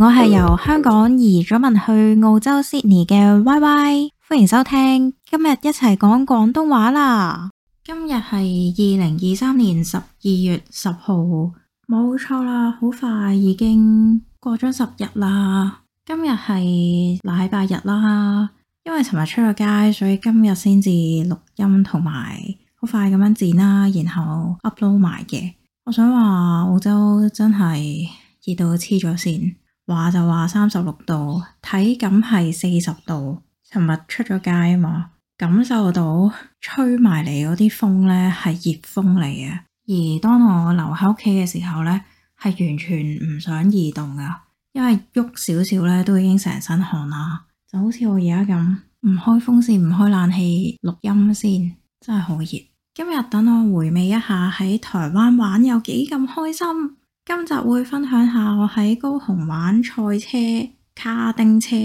我係由香港移咗民去澳洲 Sydney 嘅 Y Y，歡迎收聽今日一齊講廣東話啦。今日係二零二三年十二月十號，冇錯啦，好快已經過咗十日啦。今日係禮拜日啦，因為尋日出咗街，所以今日先至錄音同埋好快咁樣剪啦，然後 upload 埋嘅。我想話澳洲真係熱到黐咗線。話就話三十六度，體感係四十度。尋日出咗街啊嘛，感受到吹埋嚟嗰啲風呢係熱風嚟嘅。而當我留喺屋企嘅時候呢，係完全唔想移動噶，因為喐少少呢都已經成身汗啦。就好似我而家咁，唔開風扇唔開冷氣，錄音先真係好熱。今日等我回味一下喺台灣玩有幾咁開心。今集會分享下我喺高雄玩賽車、卡丁車，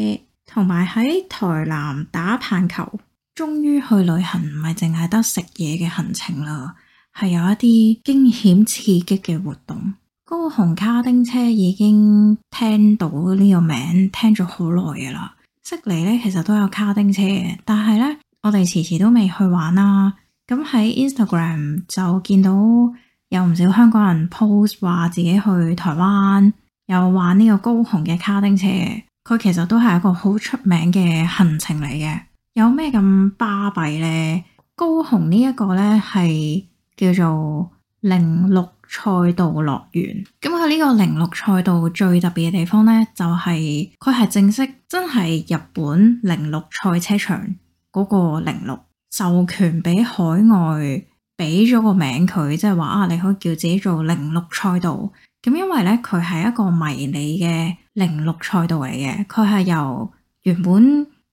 同埋喺台南打棒球。終於去旅行唔係淨係得食嘢嘅行程啦，係有一啲驚險刺激嘅活動。高雄卡丁車已經聽到呢個名，聽咗好耐㗎啦。悉尼咧其實都有卡丁車嘅，但係咧我哋遲遲都未去玩啦。咁喺 Instagram 就見到。有唔少香港人 post 話自己去台灣，又玩呢個高雄嘅卡丁車，佢其實都係一個好出名嘅行程嚟嘅。有咩咁巴閉呢？高雄呢一個呢係叫做鈴鹿賽道樂園。咁佢呢個鈴鹿賽道最特別嘅地方呢，就係佢係正式真係日本鈴鹿賽車場嗰個鈴鹿授權俾海外。俾咗個名佢，即係話啊，你可以叫自己做鈴鹿賽道咁。因為呢，佢係一個迷你嘅鈴鹿賽道嚟嘅，佢係由原本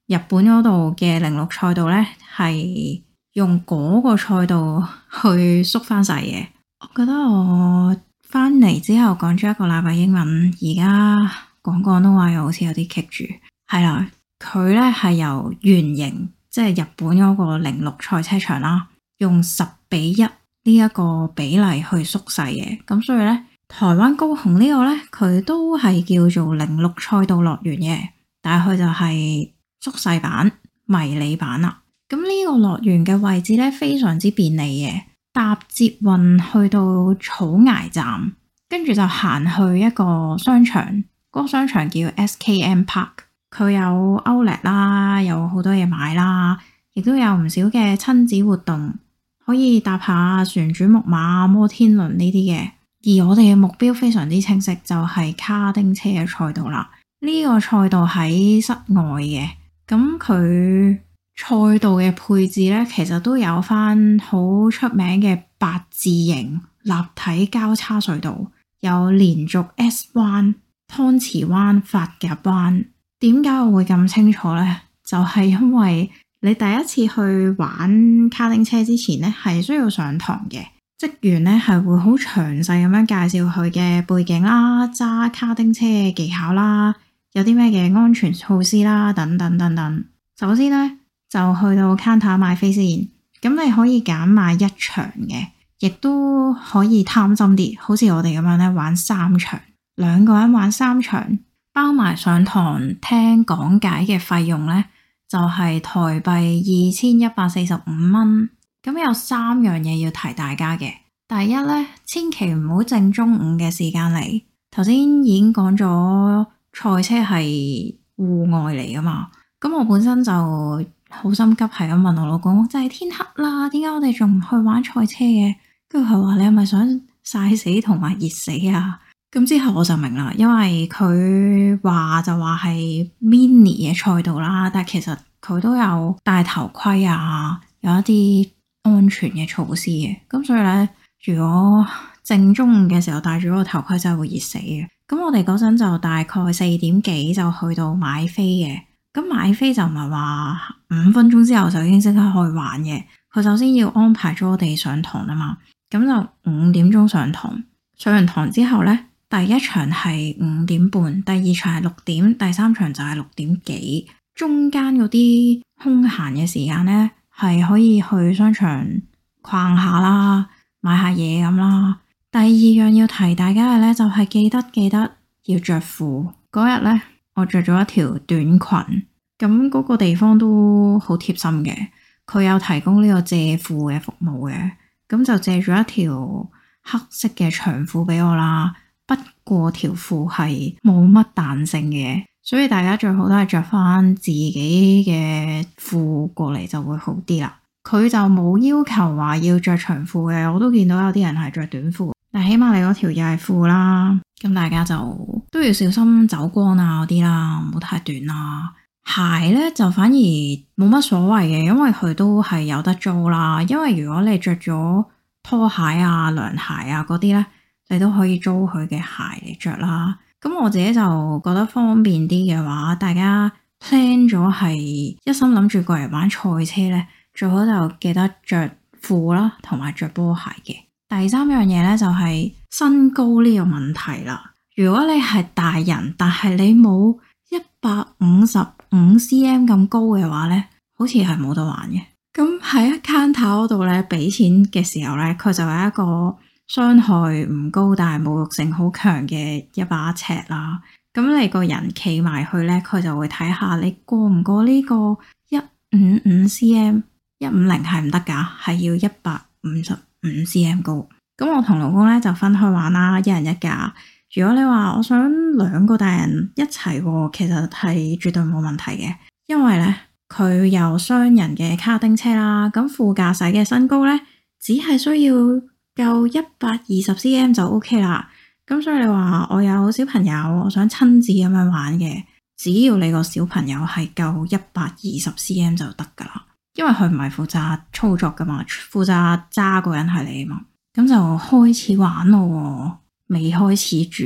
日本嗰度嘅鈴鹿賽道呢，係用嗰個賽道去縮翻細嘅。我覺得我翻嚟之後講咗一個禮拜英文，而家講廣東話又好似有啲棘住。係啦，佢呢係由原型，即係日本嗰個鈴鹿賽車場啦，用十。比一呢一個比例去縮細嘅，咁所以呢，台灣高雄呢個呢，佢都係叫做鈴鹿賽道樂園嘅，但係佢就係縮細版、迷你版啦。咁呢個樂園嘅位置呢，非常之便利嘅，搭捷運去到草衙站，跟住就行去一個商場，嗰、那個商場叫 SKM Park，佢有 Outlet 啦，有好多嘢買啦，亦都有唔少嘅親子活動。可以搭下旋轉木馬、摩天輪呢啲嘅，而我哋嘅目標非常之清晰，就係、是、卡丁車嘅賽道啦。呢個賽道喺室外嘅，咁佢賽道嘅配置呢，其實都有翻好出名嘅八字形立體交叉隧道，有連續 S 彎、湯匙彎、髮夾彎。點解我會咁清楚呢？就係、是、因為。你第一次去玩卡丁車之前咧，係需要上堂嘅。職員咧係會好詳細咁樣介紹佢嘅背景啦、揸卡丁車嘅技巧啦、有啲咩嘅安全措施啦，等等等等。首先咧，就去到 Counter 買飛先，咁你可以揀買一場嘅，亦都可以貪心啲，好似我哋咁樣咧玩三場，兩個人玩三場，包埋上堂聽講解嘅費用咧，就係台幣二千一百四十五蚊，咁有三樣嘢要提大家嘅。第一咧，千祈唔好正中午嘅時間嚟。頭先已經講咗賽車係戶外嚟㗎嘛，咁我本身就好心急，係咁問我老公，就係天黑啦，點解我哋仲唔去玩賽車嘅？跟住佢話，你係咪想曬死同埋熱死啊？咁之後我就明啦，因為佢話就話係 mini 嘅賽道啦，但係其實。佢都有戴頭盔啊，有一啲安全嘅措施嘅，咁所以呢，如果正中午嘅時候戴住個頭盔真係會熱死嘅。咁我哋嗰陣就大概四點幾就去到買飛嘅，咁買飛就唔係話五分鐘之後就已經即刻可以玩嘅，佢首先要安排咗我哋上堂啊嘛，咁就五點鐘上堂，上完堂之後呢，第一場係五點半，第二場係六點，第三場就係六點幾。中間嗰啲空閒嘅時間呢，係可以去商場逛下啦，買下嘢咁啦。第二樣要提大家嘅呢，就係記得記得要着褲。嗰日呢，我着咗一條短裙，咁嗰個地方都好貼心嘅，佢有提供呢個借褲嘅服務嘅，咁就借咗一條黑色嘅長褲俾我啦。不過條褲係冇乜彈性嘅。所以大家最好都係着翻自己嘅褲過嚟就會好啲啦。佢就冇要求話要着長褲嘅，我都見到有啲人係着短褲。但起碼你嗰條又係褲啦，咁大家就都要小心走光啊嗰啲啦，唔好太短啦。鞋呢就反而冇乜所謂嘅，因為佢都係有得租啦。因為如果你着咗拖鞋啊、涼鞋啊嗰啲呢，你都可以租佢嘅鞋嚟着啦。咁我自己就覺得方便啲嘅話，大家 plan 咗係一心諗住過嚟玩賽車咧，最好就記得着褲啦，同埋着波鞋嘅。第三樣嘢咧就係身高呢個問題啦。如果你係大人，但係你冇一百五十五 cm 咁高嘅話咧，好似係冇得玩嘅。咁喺 counter 嗰度咧，俾錢嘅時候咧，佢就係一個。傷害唔高，但係侮辱性好強嘅一把尺啦。咁你個人企埋去呢，佢就會睇下你過唔過呢個一五五 cm，一五零係唔得噶係要一百五十五 cm 高。咁我同老公呢就分開玩啦，一人一架。如果你話我想兩個大人一齊，其實係絕對冇問題嘅，因為呢，佢有雙人嘅卡丁車啦。咁副駕駛嘅身高呢，只係需要。夠一百二十 cm 就 OK 啦，咁所以你話我有小朋友，我想親自咁樣玩嘅，只要你個小朋友係夠一百二十 cm 就得噶啦，因為佢唔係負責操作噶嘛，負責揸個人係你啊嘛，咁就開始玩咯。哦，未開始住，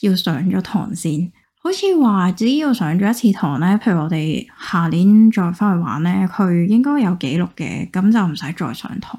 要上咗堂先，好似話只要上咗一次堂咧，譬如我哋下年再翻去玩咧，佢應該有記錄嘅，咁就唔使再上堂，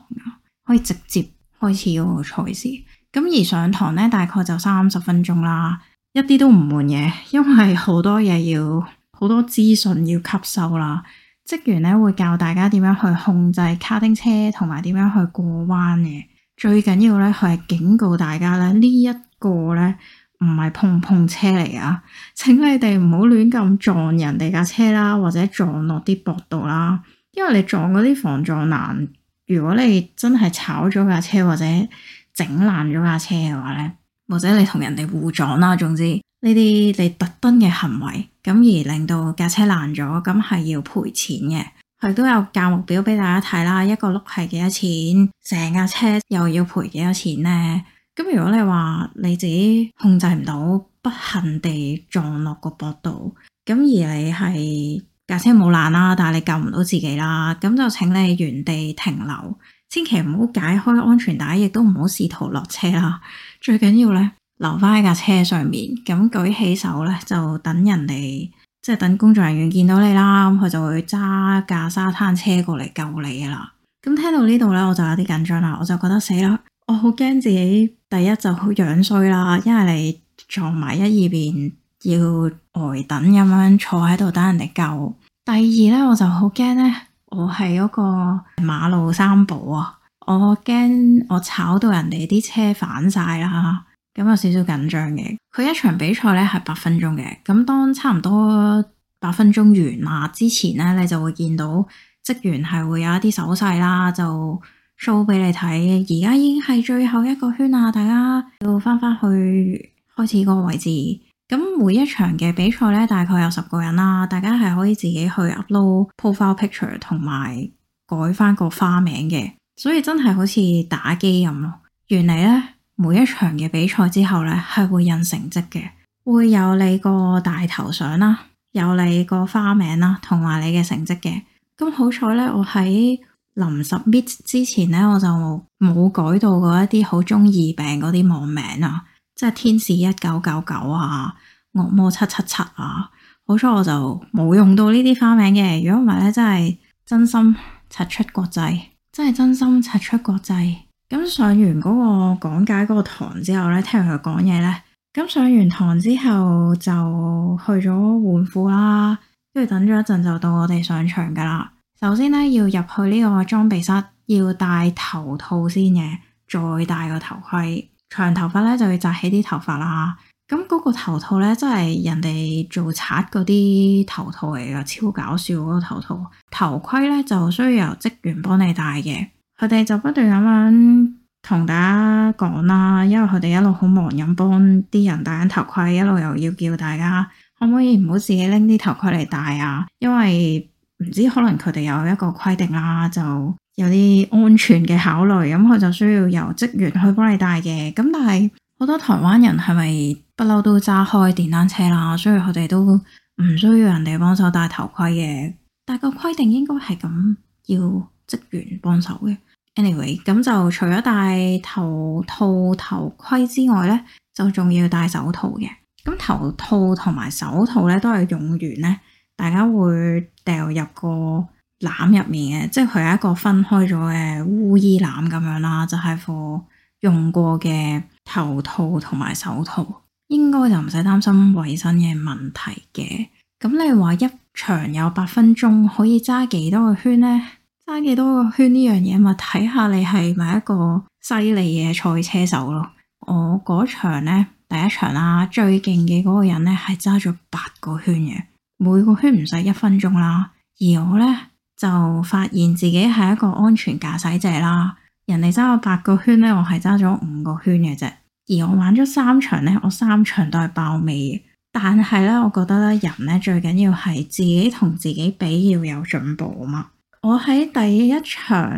可以直接。開始嗰個賽事，咁而上堂呢，大概就三十分鐘啦，一啲都唔悶嘅，因為好多嘢要好多資訊要吸收啦。職員呢會教大家點樣去控制卡丁車同埋點樣去過彎嘅。最緊要呢，佢係警告大家咧呢一個呢唔係碰碰車嚟㗎，請你哋唔好亂咁撞人哋架車啦，或者撞落啲薄度啦，因為你撞嗰啲防撞欄。如果你真係炒咗架車，或者整爛咗架車嘅話呢，或者你同人哋互撞啦，總之呢啲你特登嘅行為，咁而令到架車爛咗，咁係要賠錢嘅。佢都有價目表俾大家睇啦，一個碌係幾多錢，成架車又要賠幾多錢呢。咁如果你話你自己控制唔到，不幸地撞落個坡度，咁而你係。架車冇爛啦，但係你救唔到自己啦，咁就請你原地停留，千祈唔好解開安全帶，亦都唔好試圖落車啦。最緊要咧，留翻喺架車上面，咁舉起手咧，就等人哋即係等工作人員見到你啦，咁佢就會揸架沙灘車過嚟救你啦。咁聽到呢度咧，我就有啲緊張啦，我就覺得死啦，我好驚自己第一就好樣衰啦，因為你撞埋一二邊要，呆等咁樣坐喺度等人哋救。第二呢，我就好驚呢。我係嗰個馬路三寶啊，我驚我炒到人哋啲車反晒啦，咁有少少緊張嘅。佢一場比賽呢係八分鐘嘅，咁當差唔多八分鐘完啦之前呢，你就會見到職員係會有一啲手勢啦，就 show 俾你睇。而家已經係最後一個圈啦，大家要翻翻去開始個位置。咁每一場嘅比賽咧，大概有十個人啦，大家係可以自己去 upload profile picture 同埋改翻個花名嘅，所以真係好似打機咁咯。原嚟咧，每一場嘅比賽之後咧，係會印成績嘅，會有你個大頭相啦，有你個花名啦，同埋你嘅成績嘅。咁好彩咧，我喺臨十 minute 之前咧，我就冇改到嗰一啲好中二病嗰啲網名啊。即係天使一九九九啊，惡魔七七七啊，好彩我就冇用到呢啲花名嘅。如果唔係咧，真係真心刷出國際，真係真心刷出國際。咁上完嗰個講解嗰個堂之後咧，聽完佢講嘢咧，咁上完堂之後就去咗換褲啦，跟住等咗一陣就到我哋上場噶啦。首先咧，要入去呢個裝備室，要戴頭套先嘅，再戴個頭盔。長頭髮咧就要扎起啲頭髮啦，咁嗰個頭套咧真係人哋做賊嗰啲頭套嚟㗎，超搞笑嗰個頭套。頭盔咧就需要由職員幫你戴嘅，佢哋就不斷咁樣同大家講啦，因為佢哋一路好忙咁幫啲人戴緊頭盔，一路又要叫大家可唔可以唔好自己拎啲頭盔嚟戴啊，因為唔知可能佢哋有一個規定啦就。有啲安全嘅考慮，咁佢就需要由職員去幫你戴嘅。咁但係好多台灣人係咪不嬲都揸開電單車啦？所以佢哋都唔需要人哋幫手戴頭盔嘅。但個規定應該係咁，要職員幫手嘅。Anyway，咁就除咗戴頭套頭盔之外呢，就仲要戴手套嘅。咁頭套同埋手套呢都係用完呢，大家會掉入個。籃入面嘅，即係佢係一個分開咗嘅污衣籃咁樣啦，就係、是、貨用過嘅頭套同埋手套，應該就唔使擔心衞生嘅問題嘅。咁你話一場有八分鐘，可以揸幾多個圈呢？揸幾多個圈呢樣嘢咪，睇下你係咪一個犀利嘅賽車手咯。我嗰場呢，第一場啦，最勁嘅嗰個人呢係揸咗八個圈嘅，每個圈唔使一分鐘啦，而我呢。就發現自己係一個安全駕駛者啦。人哋揸咗八個圈呢，我係揸咗五個圈嘅啫。而我玩咗三場呢，我三場都係爆尾嘅。但係呢，我覺得咧，人呢，最緊要係自己同自己比要有進步啊嘛。我喺第一場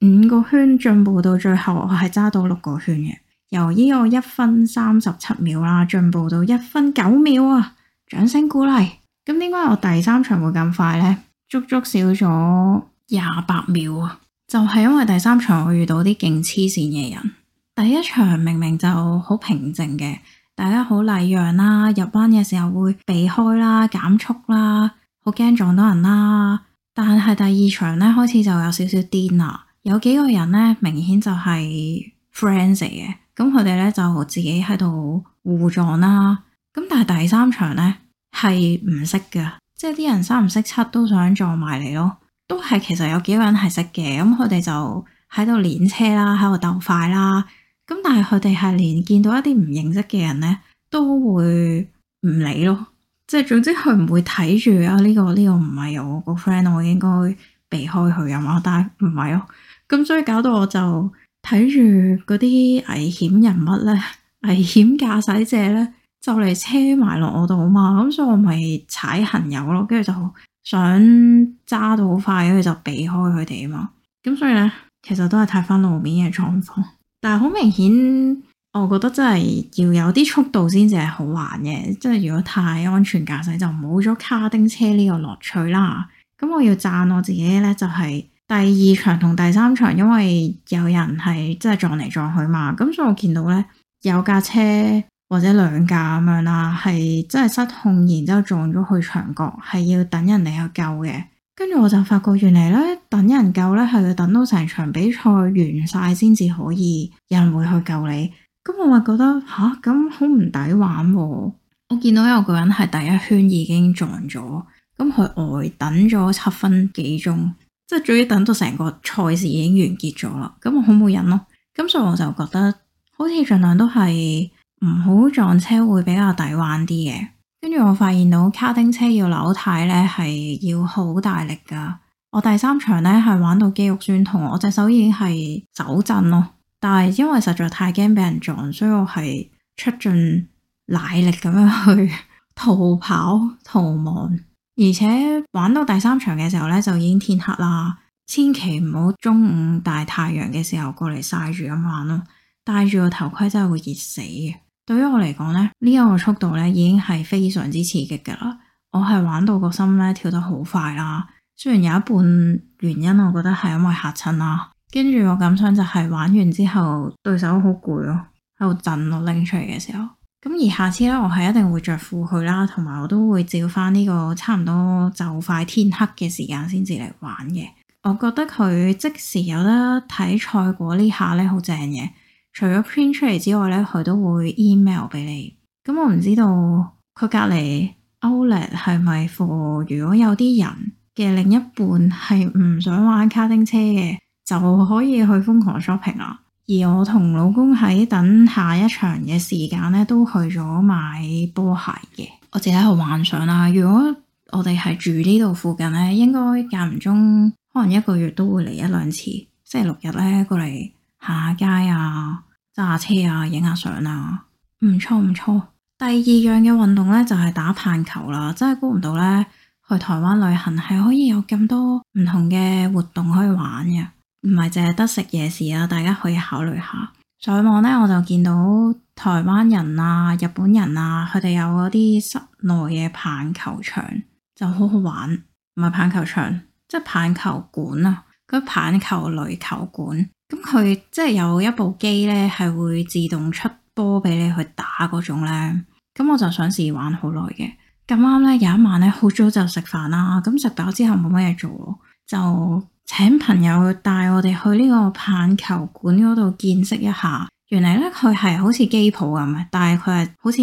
五個圈進步到最後，我係揸到六個圈嘅，由呢個一分三十七秒啦，進步到一分九秒啊！掌聲鼓勵。咁點解我第三場會咁快呢？足足少咗廿八秒啊！就係因為第三場我遇到啲勁黐綫嘅人，第一場明明就好平靜嘅，大家好禮讓啦，入彎嘅時候會避開啦、減速啦，好驚撞到人啦。但係第二場咧開始就有少少癲啦，有幾個人咧明顯就係 friends 嘅，咁佢哋咧就自己喺度互撞啦。咁但係第三場咧係唔識嘅。即係啲人三唔識七都想撞埋嚟咯，都係其實有幾個人係識嘅，咁佢哋就喺度練車啦，喺度鬥快啦。咁但係佢哋係連見到一啲唔認識嘅人咧，都會唔理咯。即係總之佢唔會睇住啊，呢個呢個唔係我個 friend，我應該避開佢啊嘛。但係唔係咯，咁、嗯、所以搞到我就睇住嗰啲危險人物咧，危險駕駛者咧。就嚟車埋落我度啊嘛，咁所以我咪踩行油咯，跟住就想揸到好快，跟住就避開佢哋啊嘛。咁所以咧，其實都係睇翻路面嘅狀況，但係好明顯，我覺得真係要有啲速度先至係好玩嘅。真係如果太安全駕駛，就冇咗卡丁車呢個樂趣啦。咁我要讚我自己咧，就係第二場同第三場，因為有人係真係撞嚟撞去嘛，咁所以我見到咧，有架車。或者兩架咁樣啦，係真係失控，然之後撞咗去牆角，係要等人嚟去救嘅。跟住我就發覺原來，原嚟咧等人救咧係要等到成場比賽完晒先至可以有人會去救你。咁我咪覺得吓，咁好唔抵玩喎！我見到有個人係第一圈已經撞咗，咁佢呆等咗七分幾鐘，即係終於等到成個賽事已經完結咗啦。咁我好冇癮咯。咁所以我就覺得好似盡量都係。唔好撞車會比較抵玩啲嘅，跟住我發現到卡丁車要扭軚呢係要好大力㗎。我第三場呢係玩到肌肉酸痛，我隻手已經係走震咯。但係因為實在太驚俾人撞，所以我係出盡奶力咁樣去逃跑逃亡。而且玩到第三場嘅時候呢，就已經天黑啦，千祈唔好中午大太陽嘅時候過嚟曬住咁玩咯，戴住個頭盔真係會熱死嘅。對於我嚟講咧，呢、這、一個速度咧已經係非常之刺激噶啦，我係玩到個心咧跳得好快啦。雖然有一半原因，我覺得係因為嚇親啦，跟住我感想就係玩完之後對手好攰咯，喺度震咯拎出嚟嘅時候。咁而下次咧，我係一定會着褲去啦，同埋我都會照翻呢個差唔多就快天黑嘅時間先至嚟玩嘅。我覺得佢即時有得睇賽果呢下咧，好正嘅。除咗 print 出嚟之外咧，佢都會 email 俾你。咁我唔知道佢隔籬 Outlet 係咪貨。是是 for，如果有啲人嘅另一半係唔想玩卡丁車嘅，就可以去瘋狂 shopping 啊。而我同老公喺等下一場嘅時間咧，都去咗買波鞋嘅。我自己喺度幻想啦、啊。如果我哋係住呢度附近咧，應該間唔中可能一個月都會嚟一兩次，星期六日咧過嚟。行下街啊，揸下車啊，影下相啊，唔錯唔錯。第二樣嘅運動呢，就係打棒球啦，真係估唔到呢，去台灣旅行係可以有咁多唔同嘅活動可以玩嘅，唔係淨係得食夜市啊。大家可以考慮下。上網呢，我就見到台灣人啊、日本人啊，佢哋有嗰啲室內嘅棒球場就好好玩，唔係棒球場，即係棒球館啊，個棒球壘球館。咁佢即係有一部機咧，係會自動出波俾你去打嗰種咧。咁我就想試玩好耐嘅。咁啱咧有一晚咧，好早就食飯啦。咁食飽之後冇乜嘢做，就請朋友帶我哋去呢個棒球館嗰度見識一下。原嚟咧佢係好似機鋪咁，但係佢係好似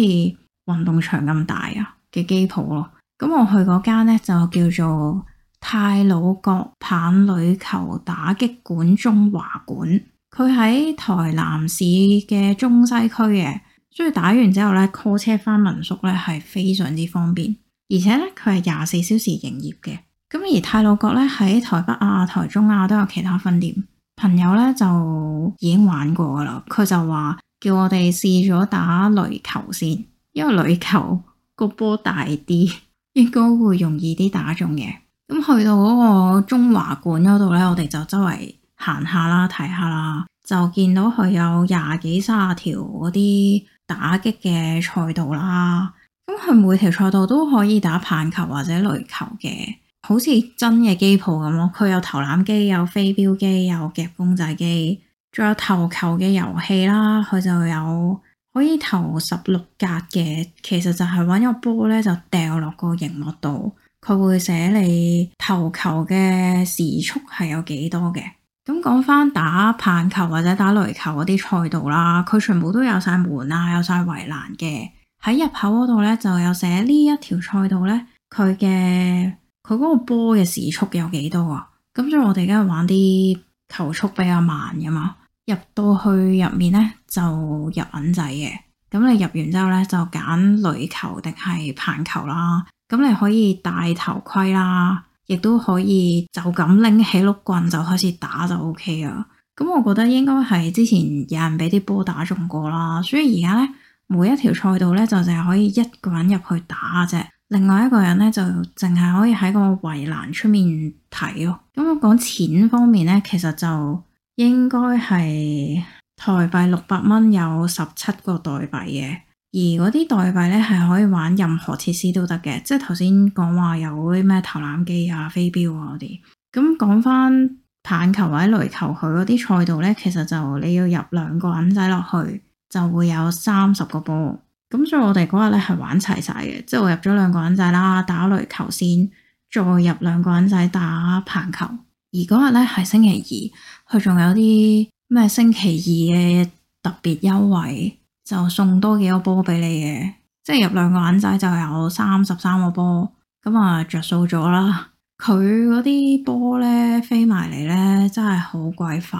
運動場咁大啊嘅機鋪咯。咁我去嗰間咧就叫做。太魯閣棒壘球打擊館中華館，佢喺台南市嘅中西區嘅，所以打完之後咧，call 車返民宿咧係非常之方便，而且咧佢係廿四小時營業嘅。咁而太魯閣咧喺台北啊、台中啊都有其他分店。朋友咧就已經玩過啦，佢就話叫我哋試咗打壘球先，因為壘球個波大啲，應該會容易啲打中嘅。咁去到嗰個中華館嗰度呢，我哋就周圍行下啦，睇下啦，就見到佢有廿幾三十條嗰啲打擊嘅賽道啦。咁佢每條賽道都可以打棒球或者壘球嘅，好似真嘅機鋪咁咯。佢有投籃機，有飛鏢機，有夾公仔機，仲有投球嘅遊戲啦。佢就有可以投十六格嘅，其實就係搵個波呢，就掉落個熒幕度。佢會寫你投球嘅時速係有幾多嘅，咁講翻打棒球或者打壘球嗰啲賽道啦，佢全部都有晒門啊，有晒圍欄嘅。喺入口嗰度呢，就有寫呢一條賽道呢，佢嘅佢嗰個波嘅時速有幾多啊？咁所以我哋而家玩啲球速比較慢嘅嘛，入到去入面呢，就入銀仔嘅。咁你入完之後咧，就揀壘球定係棒球啦。咁你可以戴頭盔啦，亦都可以就咁拎起碌棍就開始打就 OK 啦。咁我覺得應該係之前有人俾啲波打中過啦，所以而家咧，每一條賽道咧就淨係可以一個人入去打啫，另外一個人咧就淨係可以喺個圍欄出面睇咯。咁我講錢方面咧，其實就應該係台幣六百蚊有十七個代幣嘅，而嗰啲代幣咧係可以玩任何設施都得嘅，即係頭先講話有啲咩投籃機啊、飛鏢啊嗰啲。咁、嗯、講翻棒球或者壘球，佢嗰啲賽道咧，其實就你要入兩個銀仔落去，就會有三十個波。咁所以我哋嗰日咧係玩齊晒嘅，即係我入咗兩個銀仔啦，打壘球先，再入兩個銀仔打棒球。而嗰日咧係星期二，佢仲有啲。咩星期二嘅特別優惠，就送多幾個波俾你嘅。即係入兩個眼仔就有三十三個波，咁啊着數咗啦。佢嗰啲波咧飛埋嚟咧真係好鬼快，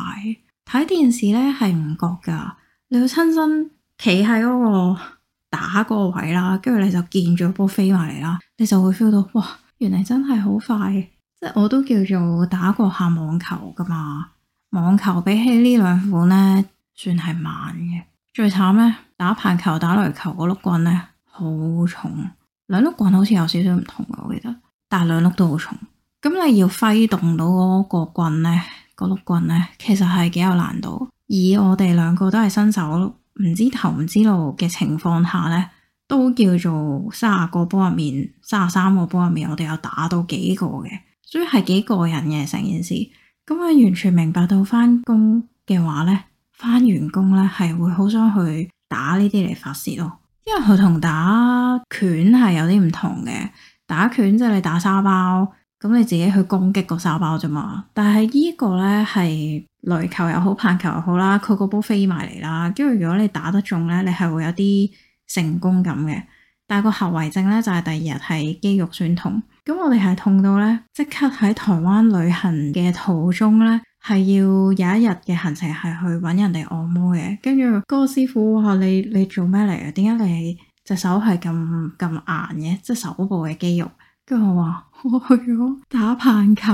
睇電視咧係唔覺噶，你要親身企喺嗰個打個位啦，跟住你就見咗波飛埋嚟啦，你就會 feel 到哇，原來真係好快，即係我都叫做打過下網球噶嘛。網球比起兩呢兩款咧，算係慢嘅。最慘咧，打棒球、打壘球嗰碌棍咧好重，兩碌棍好似有少少唔同我記得，但係兩碌都好重。咁你要揮動到嗰個棍咧，嗰、那、碌、個、棍咧，其實係幾有難度。以我哋兩個都係新手，唔知頭唔知路嘅情況下咧，都叫做三十個波入面，三十三個波入面，我哋有打到幾個嘅，所以係幾過癮嘅成件事。咁佢完全明白到翻工嘅話咧，翻完工咧係會好想去打呢啲嚟發洩咯，因為佢同打拳係有啲唔同嘅。打拳即係你打沙包，咁你自己去攻擊個沙包啫嘛。但係呢個咧係壘球又好，棒球又好啦，佢個波飛埋嚟啦。跟住如果你打得中咧，你係會有啲成功感嘅。但係個後遺症咧，就係第二日係肌肉酸痛。咁我哋係痛到咧，即刻喺台灣旅行嘅途中咧，係要有一日嘅行程係去搵人哋按摩嘅。跟住嗰個師傅話：你你做咩嚟？啊，點解你隻手係咁咁硬嘅？即係手部嘅肌肉。跟住我話我去咗打棒球。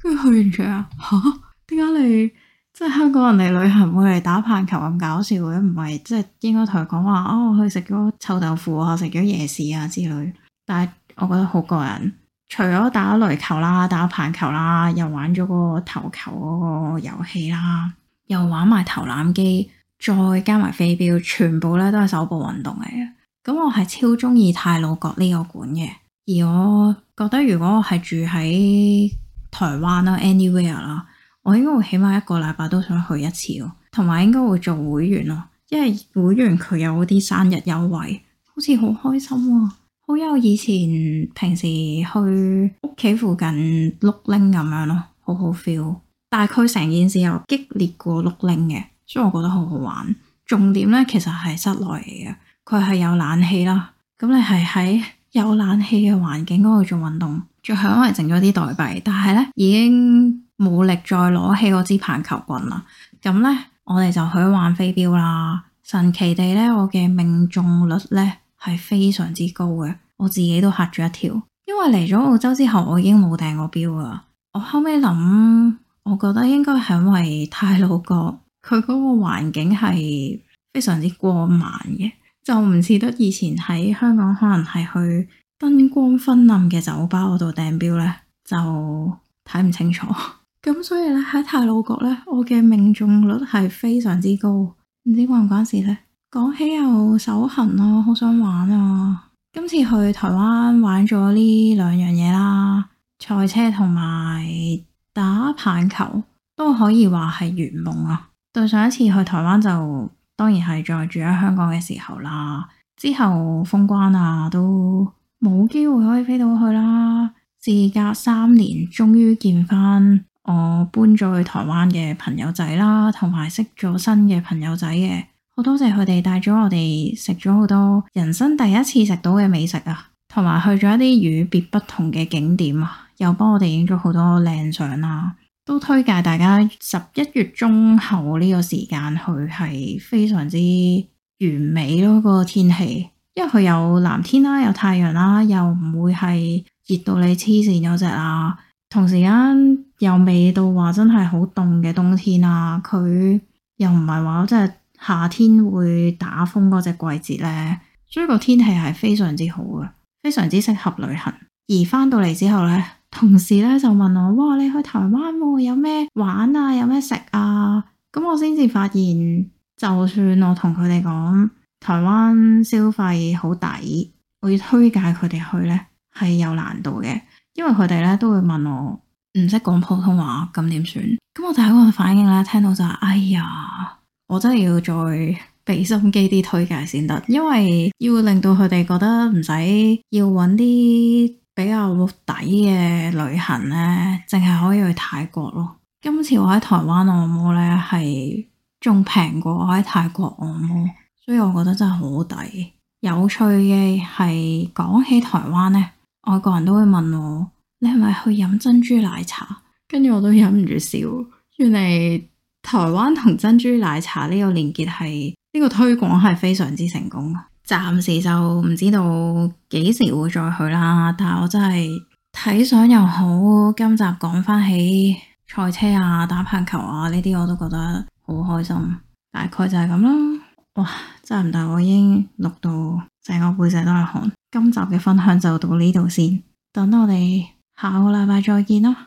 跟住去完咗啊？吓？點解你即係香港人嚟旅行會嚟打棒球咁搞笑嘅？唔係即係應該同佢講話哦，我去食咗臭豆腐啊，食咗夜市啊之類。但係我覺得好過癮。除咗打壘球啦、打棒球啦，又玩咗個投球嗰個遊戲啦，又玩埋投籃機，再加埋飛鏢，全部咧都係手部運動嚟嘅。咁我係超中意太魯閣呢個館嘅。而我覺得如果我係住喺台灣啦，anywhere 啦，Any where，我應該會起碼一個禮拜都想去一次咯。同埋應該會做會員咯，因為會員佢有啲生日優惠，好似好開心啊。好有以前平時去屋企附近碌鈴咁樣咯，好好 feel。但係佢成件事又激烈過碌鈴嘅，所以我覺得好好玩。重點咧，其實係室內嚟嘅，佢係有冷氣啦。咁你係喺有冷氣嘅環境嗰度做運動，最後我係剩咗啲代幣，但係咧已經冇力再攞起我支棒球棍啦。咁咧我哋就去玩飛鏢啦。神奇地咧，我嘅命中率咧～係非常之高嘅，我自己都嚇咗一跳，因為嚟咗澳洲之後，我已經冇掟過標啦。我後尾諗，我覺得應該係因為太魯閣佢嗰個環境係非常之過慢嘅，就唔似得以前喺香港可能係去燈光昏暗嘅酒吧嗰度掟標呢，就睇唔清楚。咁 所以咧喺太魯閣呢，我嘅命中率係非常之高，唔知有有關唔關事呢。講起又手痕啊，好想玩啊！今次去台灣玩咗呢兩樣嘢啦，賽車同埋打棒球都可以話係圓夢啊！對上一次去台灣就當然係在住喺香港嘅時候啦，之後封關啊都冇機會可以飛到去啦，事隔三年終於見翻我搬咗去台灣嘅朋友仔啦，同埋識咗新嘅朋友仔嘅。好多謝佢哋帶咗我哋食咗好多人生第一次食到嘅美食啊，同埋去咗一啲與別不同嘅景點啊，又幫我哋影咗好多靚相啦，都推介大家十一月中後呢個時間去係非常之完美咯，個天氣，因為佢有藍天啦，有太陽啦，又唔會係熱到你黐線咗只啦，同時間又未到話真係好凍嘅冬天啊，佢又唔係話真係。夏天會打風嗰隻季節呢，所以個天氣係非常之好嘅，非常之適合旅行。而翻到嚟之後呢，同事呢就問我：，哇，你去台灣啊，有咩玩啊，有咩食啊？咁我先至發現，就算我同佢哋講台灣消費好抵，我要推介佢哋去呢係有難度嘅，因為佢哋呢都會問我，唔識講普通話，咁點算？咁我第一個反應呢聽到就話：，哎呀！我真係要再俾心機啲推介先得，因為要令到佢哋覺得唔使要搵啲比較抵嘅旅行呢，淨係可以去泰國咯。今次我喺台灣按摩呢，係仲平過我喺泰國按摩，所以我覺得真係好抵。有趣嘅係講起台灣呢，外國人都會問我，你係咪去飲珍珠奶茶？跟住我都忍唔住笑，原嚟。台灣同珍珠奶茶呢個連結係，呢個推廣係非常之成功嘅，暫時就唔知道幾時會再去啦。但係我真係睇，想又好，今集講翻起賽車啊、打棒球啊呢啲，我都覺得好開心。大概就係咁啦。哇，真係唔得，我已經錄到成個背脊都係汗。今集嘅分享就到呢度先，等我哋下個禮拜再見啦。